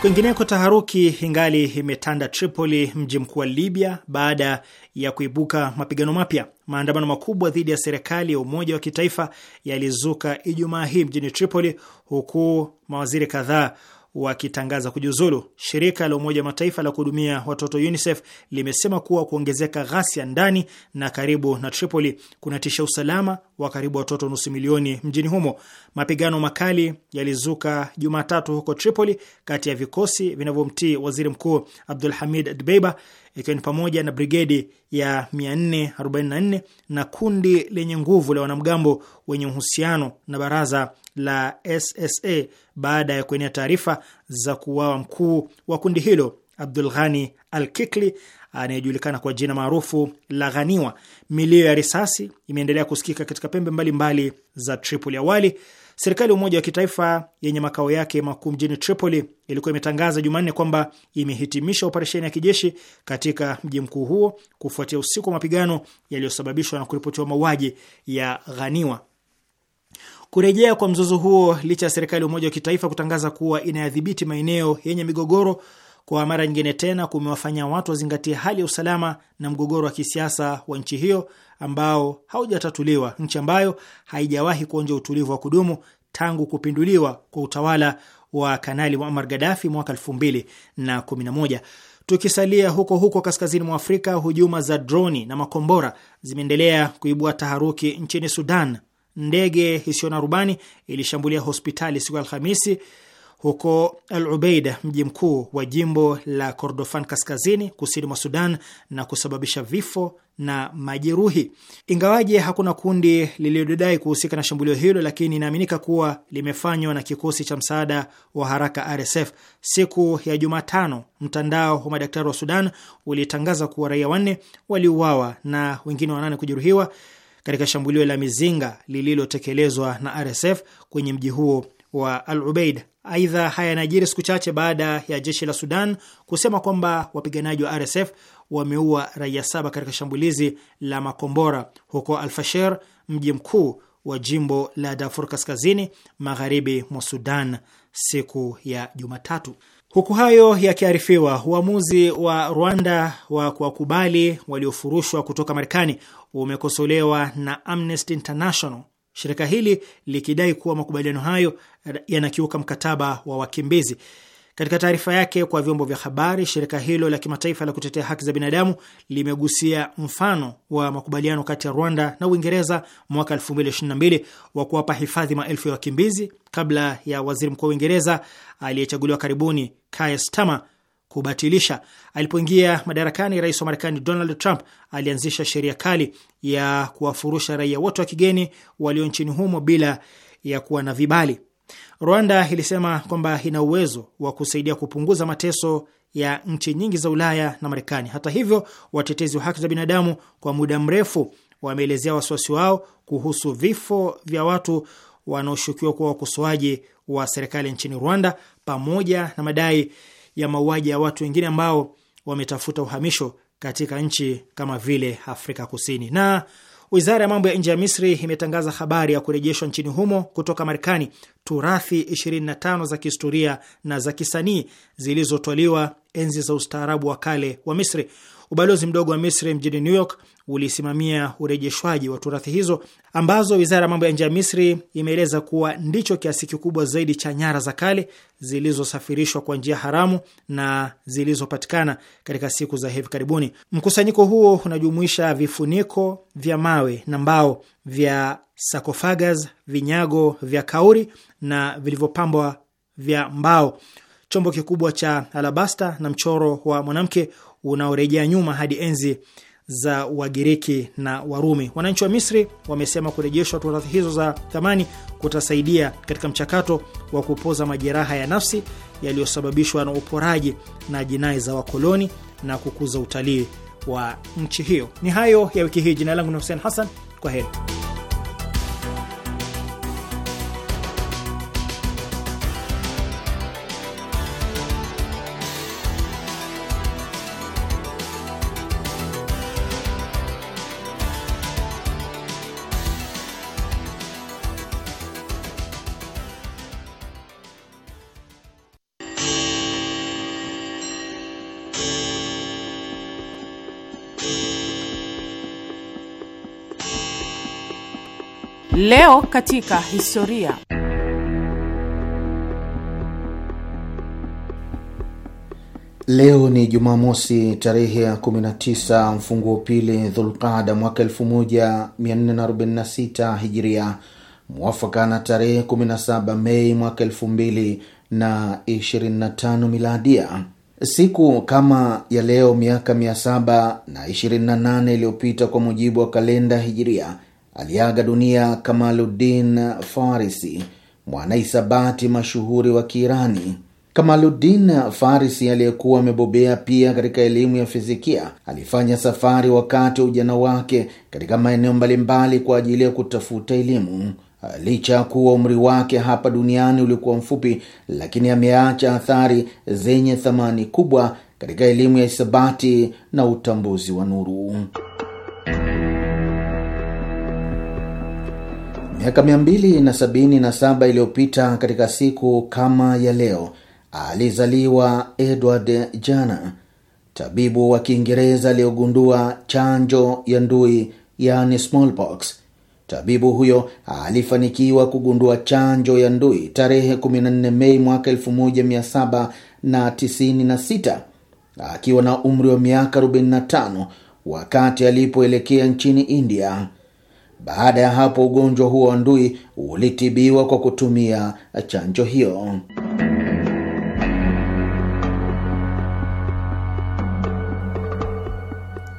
Kwingineko, taharuki ingali imetanda Tripoli, mji mkuu wa Libya, baada ya kuibuka mapigano mapya. Maandamano makubwa dhidi ya serikali ya umoja wa kitaifa yalizuka Ijumaa hii mjini Tripoli, huku mawaziri kadhaa wakitangaza kujiuzulu. Shirika la Umoja Mataifa la kuhudumia watoto UNICEF limesema kuwa kuongezeka ghasia ndani na karibu na Tripoli kunatisha usalama wa karibu watoto nusu milioni mjini humo. Mapigano makali yalizuka Jumatatu huko Tripoli kati ya vikosi vinavyomtii waziri mkuu Abdul Hamid Dbeiba ikiwa ni pamoja na brigedi ya 444 na kundi lenye nguvu la wanamgambo wenye uhusiano na baraza la SSA baada ya kuenea taarifa za kuuawa mkuu wa kundi hilo Abdul Ghani Al Kikli anayejulikana kwa jina maarufu la Ghaniwa. Milio ya risasi imeendelea kusikika katika pembe mbalimbali mbali za Tripoli. Awali serikali ya Umoja wa Kitaifa yenye makao yake makuu mjini Tripoli ilikuwa imetangaza Jumanne kwamba imehitimisha operesheni ya kijeshi katika mji mkuu huo kufuatia usiku wa mapigano yaliyosababishwa na kuripotiwa mauaji ya Ghaniwa. Kurejea kwa mzozo huo licha ya serikali ya umoja wa kitaifa kutangaza kuwa inayadhibiti maeneo yenye migogoro kwa mara nyingine tena kumewafanya watu wazingatie hali ya usalama na mgogoro wa kisiasa wa nchi hiyo ambao haujatatuliwa, nchi ambayo haijawahi kuonja utulivu wa kudumu tangu kupinduliwa kwa utawala wa Kanali Muammar Gaddafi mwaka 211 Tukisalia huko huko kaskazini mwa Afrika, hujuma za droni na makombora zimeendelea kuibua taharuki nchini Sudan ndege isiyo na rubani ilishambulia hospitali siku ya Alhamisi huko Al Ubeida, mji mkuu wa jimbo la Kordofan kaskazini kusini mwa Sudan, na kusababisha vifo na majeruhi. Ingawaje hakuna kundi lililodai kuhusika na shambulio hilo, lakini inaaminika kuwa limefanywa na kikosi cha msaada wa haraka RSF. Siku ya Jumatano, mtandao wa madaktari wa Sudan ulitangaza kuwa raia wanne waliuawa na wengine wanane kujeruhiwa katika shambulio la mizinga lililotekelezwa na RSF kwenye mji huo wa Al Ubeid. Aidha, haya yanajiri siku chache baada ya jeshi la Sudan kusema kwamba wapiganaji wa RSF wameua raia saba katika shambulizi la makombora huko Alfasher, mji mkuu wa jimbo la Darfur kaskazini magharibi mwa Sudan siku ya Jumatatu. Huku hayo yakiarifiwa, uamuzi wa Rwanda wa kuwakubali waliofurushwa kutoka Marekani umekosolewa na Amnesty International, shirika hili likidai kuwa makubaliano hayo yanakiuka mkataba wa wakimbizi. Katika taarifa yake kwa vyombo vya habari, shirika hilo la kimataifa la kutetea haki za binadamu limegusia mfano wa makubaliano kati ya Rwanda na Uingereza mwaka 2022 wa kuwapa hifadhi maelfu ya wakimbizi kabla ya waziri mkuu wa Uingereza aliyechaguliwa karibuni Keir Starmer kubatilisha. Alipoingia madarakani, rais wa Marekani Donald Trump alianzisha sheria kali ya kuwafurusha raia wote wa kigeni walio nchini humo bila ya kuwa na vibali. Rwanda ilisema kwamba ina uwezo wa kusaidia kupunguza mateso ya nchi nyingi za Ulaya na Marekani. Hata hivyo, watetezi wa haki za binadamu kwa muda mrefu wameelezea wasiwasi wao kuhusu vifo vya watu wanaoshukiwa kuwa wakosoaji wa serikali nchini Rwanda pamoja na madai ya mauaji ya watu wengine ambao wametafuta uhamisho katika nchi kama vile Afrika Kusini. Na wizara ya mambo ya nje ya Misri imetangaza habari ya kurejeshwa nchini humo kutoka Marekani turathi 25 za kihistoria na za kisanii zilizotwaliwa enzi za ustaarabu wa kale wa Misri. Ubalozi mdogo wa Misri mjini New York ulisimamia urejeshwaji wa turathi hizo ambazo wizara ya mambo ya nje ya Misri imeeleza kuwa ndicho kiasi kikubwa zaidi cha nyara za kale zilizosafirishwa kwa njia haramu na zilizopatikana katika siku za hivi karibuni. Mkusanyiko huo unajumuisha vifuniko vya mawe na mbao vya sarcophagus, vinyago vya kauri na vilivyopambwa vya mbao, chombo kikubwa cha alabasta na mchoro wa mwanamke unaorejea nyuma hadi enzi za Wagiriki na Warumi. Wananchi wa Misri wamesema kurejeshwa turathi hizo za thamani kutasaidia katika mchakato wa kupoza majeraha ya nafsi yaliyosababishwa na uporaji na jinai za wakoloni na kukuza utalii wa nchi hiyo. Ni hayo ya wiki hii. Jina langu ni Hussein Hassan, kwa heri. Leo katika historia. Leo ni Jumamosi tarehe ya 19 mfunguo pili Dhulqada mwaka 1446 Hijria, mwafaka na tarehe 17 Mei mwaka 2025 Miladia. Siku kama ya leo miaka 728 iliyopita kwa mujibu wa kalenda Hijiria, aliaga dunia Kamaluddin Farisi, mwanaisabati mashuhuri wa Kiirani. Kamaluddin Farisi aliyekuwa amebobea pia katika elimu ya fizikia alifanya safari wakati wa ujana wake katika maeneo mbalimbali kwa ajili ya kutafuta elimu. Licha ya kuwa umri wake hapa duniani ulikuwa mfupi, lakini ameacha athari zenye thamani kubwa katika elimu ya hisabati na utambuzi wa nuru. Miaka saba iliyopita katika siku kama ya leo alizaliwa Edward Jenner, tabibu wa Kiingereza aliyogundua chanjo ya ndui, yani smallpox. Tabibu huyo alifanikiwa kugundua chanjo ya ndui tarehe 14 Mei mwaka 1796 akiwa na umri wa miaka 45 wakati alipoelekea nchini India. Baada ya hapo, ugonjwa huo wa ndui ulitibiwa kwa kutumia chanjo hiyo.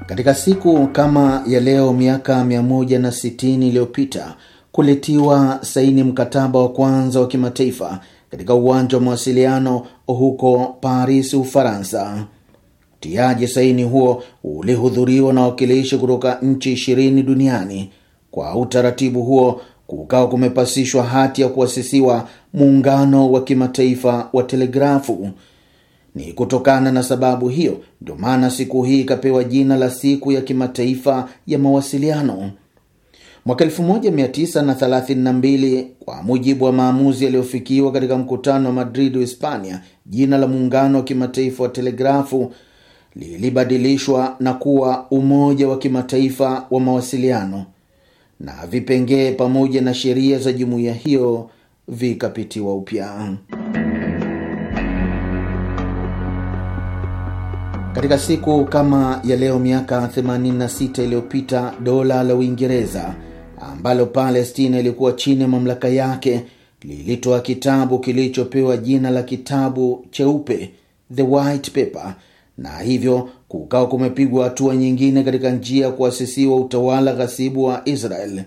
Katika siku kama ya leo miaka 160 iliyopita kulitiwa saini mkataba wa kwanza wa kimataifa katika uwanja wa mawasiliano huko Paris, Ufaransa. Utiaji saini huo ulihudhuriwa na wakilishi kutoka nchi ishirini duniani. Kwa utaratibu huo kukawa kumepasishwa hati ya kuasisiwa muungano wa kimataifa wa telegrafu. Ni kutokana na sababu hiyo ndio maana siku hii ikapewa jina la siku ya kimataifa ya mawasiliano. Mwaka 1932 kwa mujibu wa maamuzi yaliyofikiwa katika mkutano wa Madrid, Hispania, jina la muungano wa kimataifa wa telegrafu lilibadilishwa na kuwa umoja wa kimataifa wa mawasiliano na vipengee pamoja na sheria za jumuiya hiyo vikapitiwa upya. Katika siku kama ya leo miaka 86 iliyopita, dola la Uingereza ambalo Palestina ilikuwa chini ya mamlaka yake lilitoa kitabu kilichopewa jina la kitabu cheupe, the white paper, na hivyo kukawa kumepigwa hatua nyingine katika njia ya kuasisiwa utawala ghasibu wa Israel.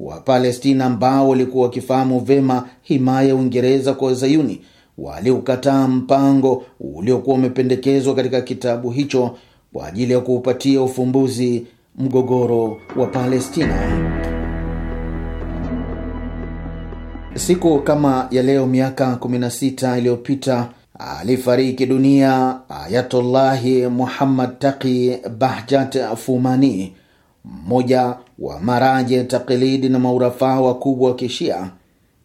Wapalestina ambao walikuwa wakifahamu vema himaya ya Uingereza kwa zayuni waliukataa mpango uliokuwa umependekezwa katika kitabu hicho kwa ajili ya kuupatia ufumbuzi mgogoro wa Palestina. Siku kama ya leo miaka 16 iliyopita alifariki dunia Ayatullahi Muhammad Taqi Bahjat Fumani, mmoja wa maraje taklidi na maurafaa wakubwa wa Kishia.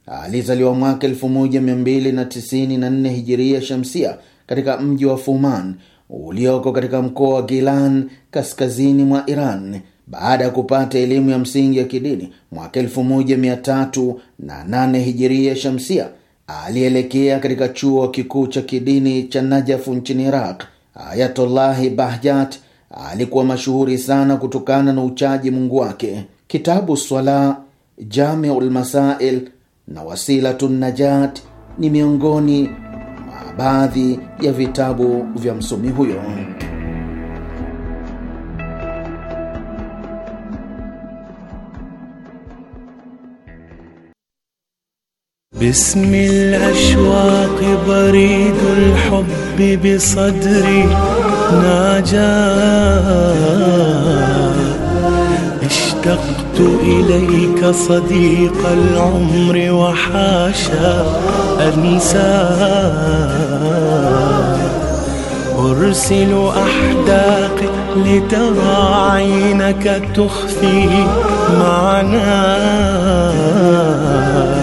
Alizaliwa mwaka 1294 hijiria shamsia katika mji wa Fuman ulioko katika mkoa wa Gilan kaskazini mwa Iran. Baada ya kupata elimu ya msingi ya kidini mwaka 1308 hijiria shamsia alielekea katika chuo kikuu cha kidini cha Najafu nchini Iraq. Ayatullahi Bahjat alikuwa mashuhuri sana kutokana na uchaji Mungu wake. Kitabu Swala, Jamiu Lmasail na Wasilatu Najat ni miongoni mwa baadhi ya vitabu vya msomi huyo. باسم الأشواق بريد الحب بصدري ناجاه اشتقت إليك صديق العمر وحاشا أنسى أرسل أحداقي لترى عينك تخفي معناه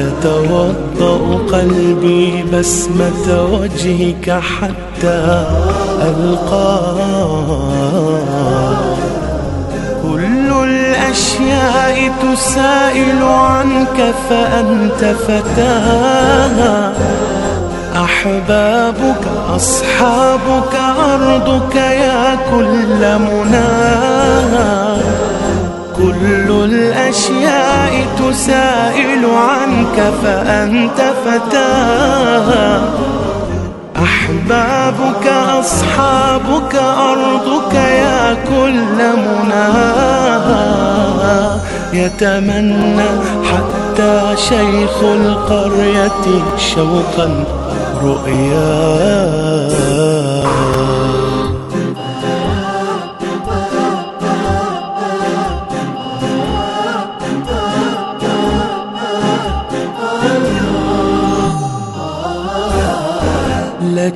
يتوضأ قلبي بسمة وجهك حتى ألقى كل الأشياء تسائل عنك فأنت فتاها أحبابك أصحابك أرضك يا كل مناها كل الأشياء تسائل عنك فأنت فتاها أحبابك أصحابك أرضك يا كل مناها يتمنى حتى شيخ القرية شوقا رؤياها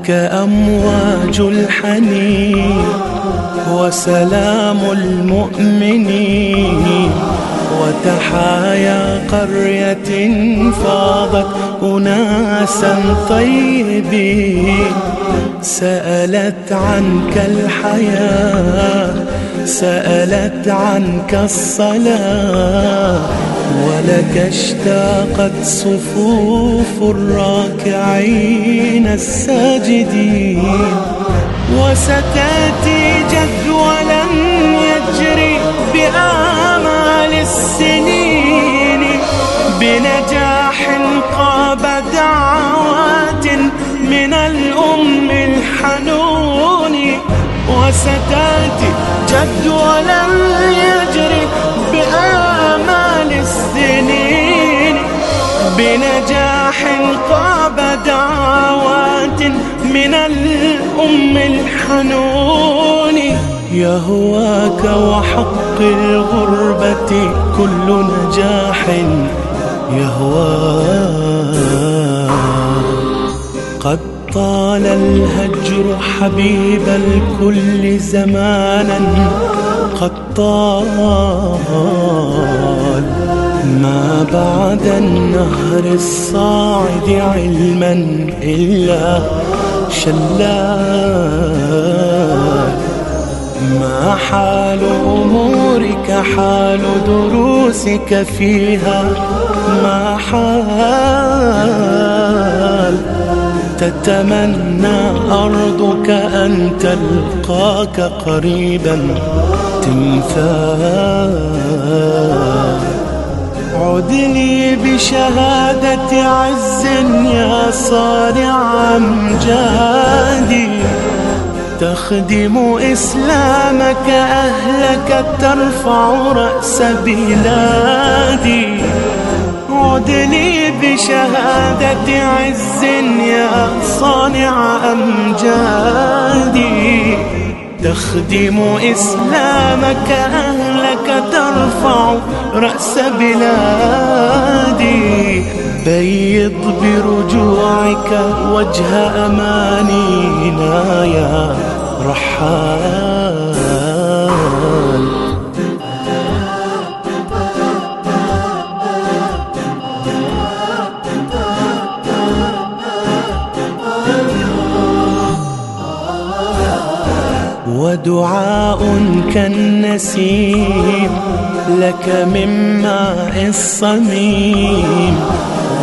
معك أمواج الحنين وسلام المؤمنين وتحايا قرية فاضت أناسا طيبين سألت عنك الحياة سألت عنك الصلاة ولك اشتاقت صفوف الراكعين الساجدين وستاتي جدولا يجري بآمال السنين بنجاح قاب دعوات من الأم الحنون وستاتي جدولا يجري بنجاح قاب دعوات من الأم الحنون يهواك وحق الغربة كل نجاح يهواك قد طال الهجر حبيب الكل زمانا قد طال ما بعد النهر الصاعد علما إلا شلا ما حال أمورك حال دروسك فيها ما حال تتمنى أرضك أن تلقاك قريبا تمثال عدني بشهادة عز يا صارع أمجادي تخدم إسلامك أهلك ترفع رأس بلادي عدني بشهادة عز يا صانع أمجادي تخدم إسلامك أهلك ترفع رأس بلادي بيض برجوعك وجه أمانينا يا رحال دعاء كالنسيم لك من ماء الصميم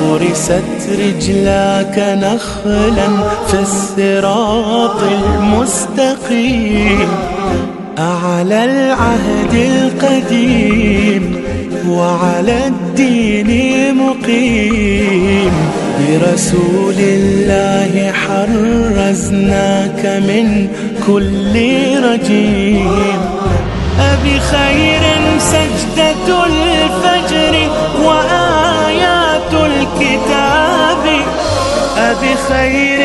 غرست رجلاك نخلا في الصراط المستقيم أعلى العهد القديم وعلى الدين مقيم برسول الله حرزناك من كل رجيم أبخير سجدة الفجر وآيات الكتاب أبخير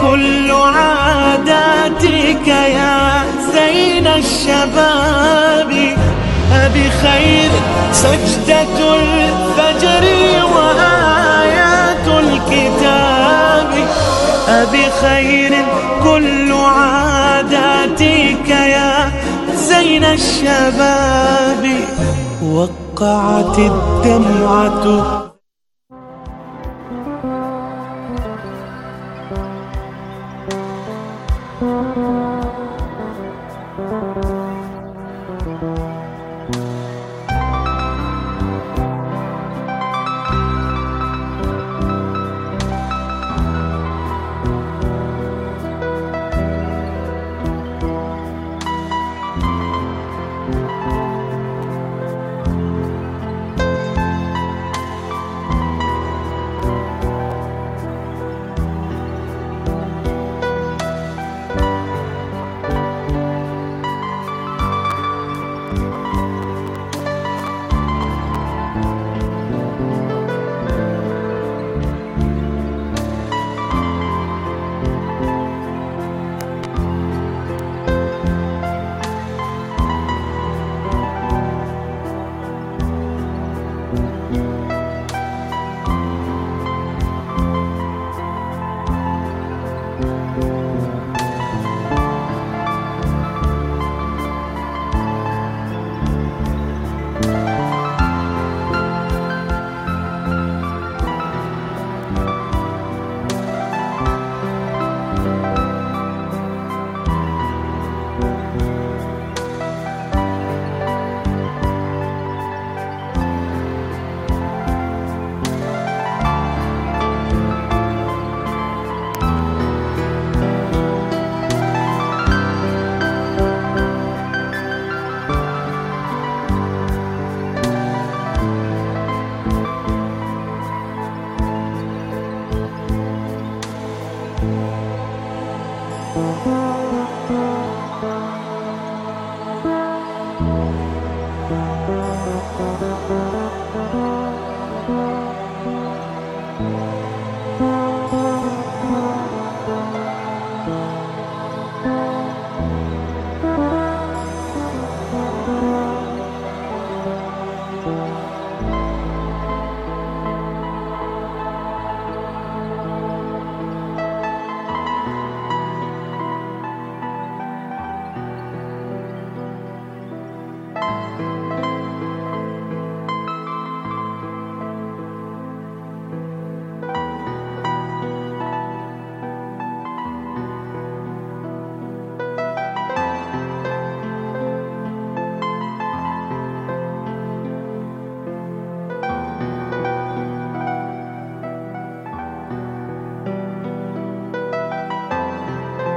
كل عاداتك يا زين الشباب أبخير سجدة الفجر وآيات كتابي أبي خير كل عاداتك يا زين الشباب وقعت الدمعة Thank you.